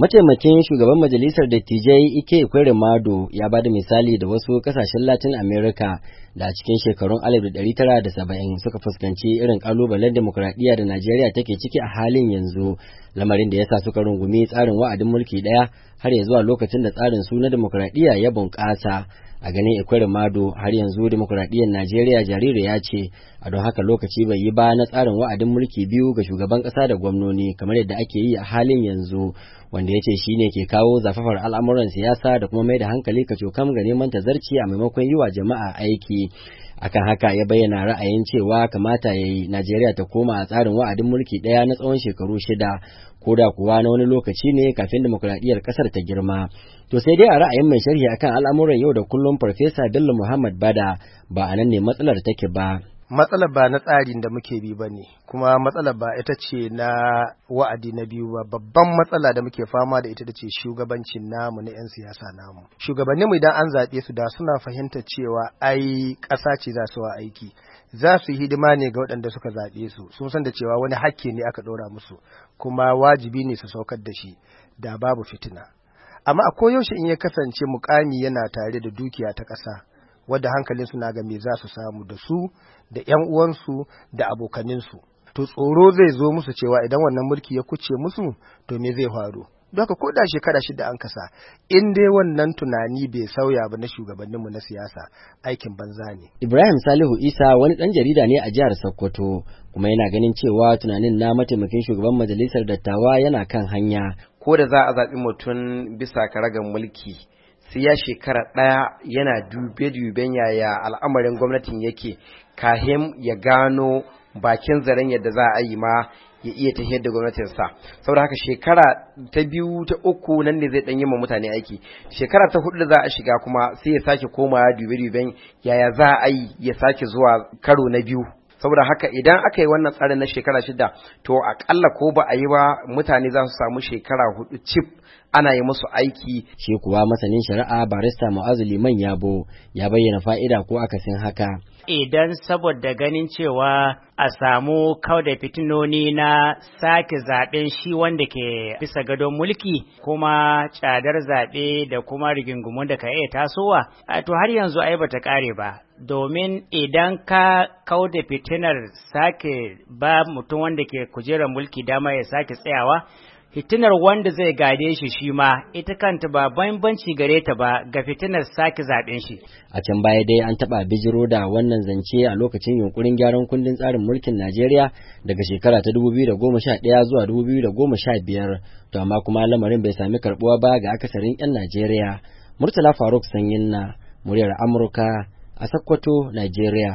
Mataimakin shugaban majalisar dattijai Ike Kwere Mado ya bada misali da wasu ƙasashen Latin America da a cikin shekarun 1970 suka fuskanci irin kalubalen demokuraɗiyya da Najeriya take ciki a halin yanzu, lamarin da ya sa suka rungumi tsarin wa'adin mulki ɗaya har ya zuwa lokacin da tsarin su na demokuraɗiyya ya bunƙasa. a ganin ikwarin mado har yanzu demokuraɗiyyar najeriya jariri ya ce a don haka lokaci bai yi ba na tsarin wa'adin mulki biyu ga shugaban ƙasa da gwamnoni kamar yadda ake yi a halin yanzu wanda ya ce shi ne ke kawo zafafar al'amuran siyasa da kuma mai da hankali ka cokam ga neman tazarci a maimakon yi wa jama'a aiki akan haka ya bayyana ra'ayin cewa kamata ya yi najeriya ta koma a tsarin wa'adin mulki ɗaya na tsawon shekaru shida ko da kuwa na wani lokaci ne kafin demokuraɗiyyar ƙasar ta girma to sai dai a ra'ayin mai sharhi akan al'amuran yau da kullum farfesa bello muhammad bada ba a nan ne matsalar take ba Matsala ba na tsarin da muke bi ba ne kuma matsala ba ita ce na wa'adi na biyu ba babban matsala da muke fama da ita da ce shugabancin namu na 'yan siyasa namu shugabanni mu idan an zaɓe su da suna fahimta cewa ai ƙasa ce za su wa aiki za su yi hidima ne ga waɗanda suka zaɓe su sun san da cewa wani hakki ne aka ɗora musu kuma wajibi ne su saukar da shi da babu fitina amma a koyaushe in ya kasance mukami yana tare da dukiya ta ƙasa wadda hankalin suna ga me za su samu da su da ƴan uwansu da abokaninsu to tsoro zai zo musu cewa idan wannan mulki ya kuce musu to me zai faru Doka ko da shekara shida an kasa in dai wannan tunani bai sauya ba na shugabanninmu na siyasa aikin banza ne. Ibrahim Salihu Isa wani ɗan jarida ne a jihar Sokoto kuma yana ganin cewa tunanin na mataimakin shugaban majalisar dattawa yana kan hanya. Ko da za a zaɓi mutum bisa karagan mulki sai ya shekara ɗaya yana dube-duben yaya al'amarin gwamnatin yake kahim ya gano bakin zaren yadda za a yi ma ya iya tafiyar da gwamnatinsa saboda haka shekara ta biyu ta uku nan ne zai ɗan yi ma mutane aiki shekara ta hudu da za a shiga kuma sai ya sake komawa dube-duben yaya za a yi ya sake zuwa karo na biyu saboda haka idan aka yi wannan tsarin na shekara shida to akalla ko ba a yi ba mutane za su samu shekara hudu cif ana yi musu aiki shi kuwa masanin shari'a barista mu'azu liman yabo ya bayyana fa'ida ko akasin haka idan saboda ganin cewa a samu da fitinoni na sake zaben shi wanda ke bisa gadon mulki kuma cadar zaɓe da kuma rigingumun da ka iya tasowa to har yanzu ai bata ƙare ba domin idan ka kauda fitinar sake ba mutum wanda ke kujerar mulki dama ya sake tsayawa fitinar wanda zai gade shi shi ma ita kanta ba bambanci gare ta ba ga fitinar sake zaben shi a can baya dai an taɓa bijiro da wannan zance a lokacin yunkurin gyaran kundin tsarin mulkin Najeriya daga shekara ta 2011 zuwa 2015 to amma kuma lamarin bai sami karbuwa ba ga akasarin 'yan Najeriya Murtala Faruk Sanyin na muryar Amurka a Sokoto, Najeriya